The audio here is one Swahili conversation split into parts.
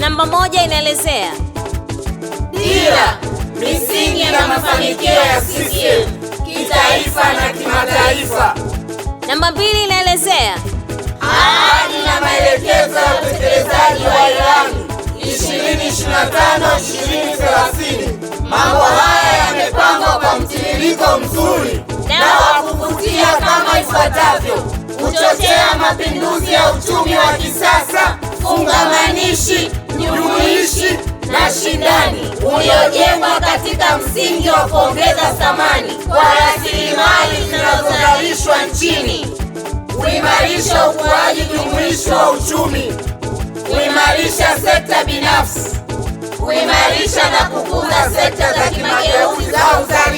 Namba moja inaelezea dira, misingi na mafanikio ya CCM kitaifa na kimataifa. Namba mbili inaelezea ahadi na maelekezo ya utekelezaji wa Ilani 2025-2030. Mambo haya yamepangwa kwa mtiririko mzuri na wa kuvutia kama ifuatavyo: kuchochea mapinduzi ya uchumi wa kisasa fungamanishi kuweka msingi wa kuongeza thamani kwa rasilimali zinazozalishwa nchini, kuimarisha ukuaji jumuishi wa uchumi, kuimarisha sekta binafsi, kuimarisha na kukuza sekta za kimageuzi za uzalishaji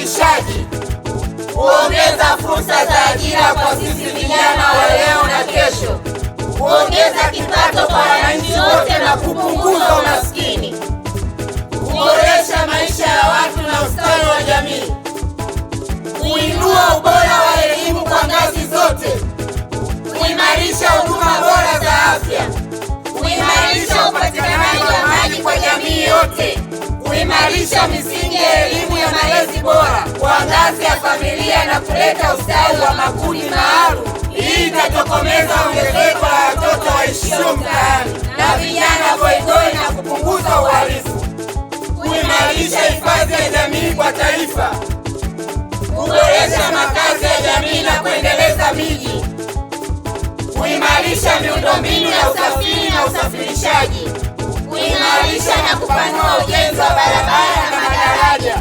upatikanaji wa maji kwa jamii yote, kuimarisha misingi ya elimu ya malezi bora kwa ngazi ya familia na kuleta ustawi wa makundi maalum. Hii itatokomeza ongezeko la watoto waishio mtaani na vijana voigoi na kupunguza uhalifu, kuimarisha hifadhi ya jamii kwa taifa, kuboresha makazi ya jamii na kuendeleza miji kuimarisha miundombinu ya usafiri na usafirishaji, kuimarisha na kupanua ujenzi wa barabara na madaraja,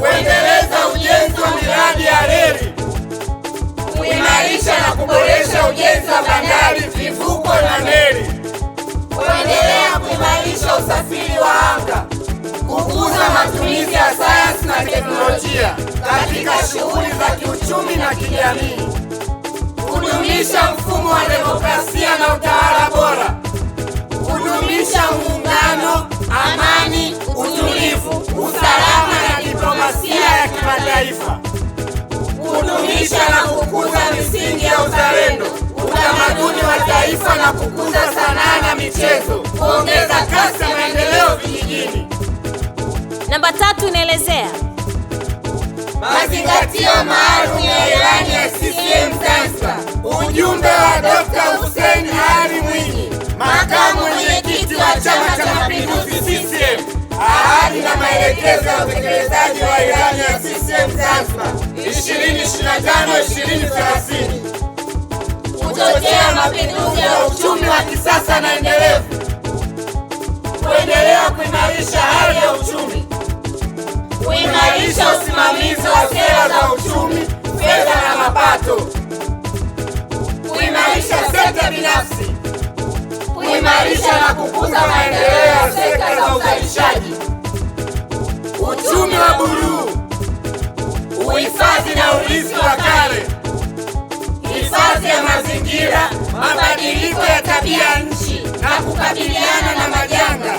kuendeleza ujenzi wa miradi ya reli, kuimarisha na kuboresha ujenzi wa bandari, vivuko na meli, kuendelea kuimarisha usafiri wa anga, kukuza matumizi ya sayansi na teknolojia katika shughuli za kiuchumi na kijamii kudumisha mfumo wa demokrasia na utawala bora, kudumisha muungano, amani, utulivu, usalama na diplomasia ya kimataifa, kudumisha na kukuza misingi ya uzalendo, utamaduni wa taifa na kukuza sanaa na michezo, kuongeza kasi ya maendeleo vijijini. Namba tatu inaelezea mazingatio maalum ya ilani ya CCM Zanzibar. Ujumbe wa Dr. Hussein Ali Mwinyi, makamu mwenyekiti wa Chama cha Mapinduzi CCM, ahadi na maelekezo ya utekelezaji wa ilani ya CCM Zanzibar. usimamizi wa sera za uchumi, fedha na mapato, kuimarisha sekta binafsi, kuimarisha na kukuza maendeleo ya sekta za uzalishaji, uchumi wa buluu, uhifadhi na urithi wa kale, hifadhi ya mazingira, mabadiliko ya tabia ya nchi na kukabiliana na majanga,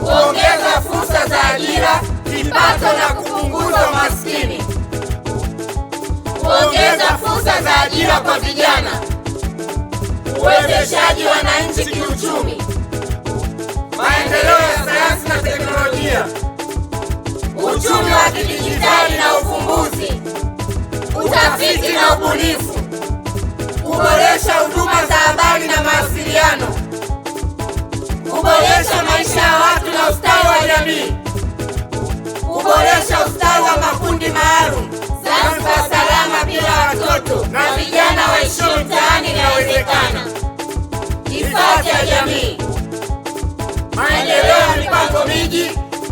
kuongeza fursa za ajira, kipato na kuongeza fursa za ajira kwa vijana, uwezeshaji wananchi kiuchumi, maendeleo ya sayansi na teknolojia, uchumi wa kidijitali na ufumbuzi, utafiti na ubunifu, kuboresha huduma za habari na mawasiliano, kuboresha maisha ya watu na ustawi wa jamii. nishati ya jamii, maendeleo ya mipango miji,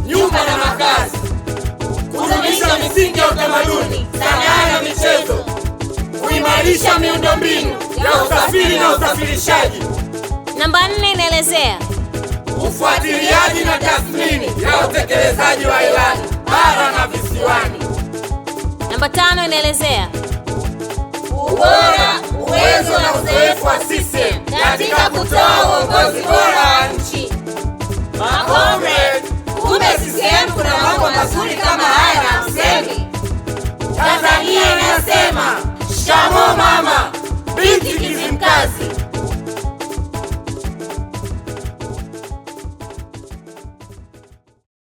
nyumba na makazi, kudumisha misingi ya utamaduni, sanaa na michezo, kuimarisha miundombinu ya usafiri na usafirishaji. Namba nne inaelezea ufuatiliaji na tathmini ya utekelezaji wa ilani bara na visiwani. Namba tano inaelezea ubora, uwezo na uzoefu wa sisi CCM katika kutoa uongozi bora wa nchi. Makomredi, kumbe CCM kuna mambo mazuri kama haya na msemi. Tanzania inasema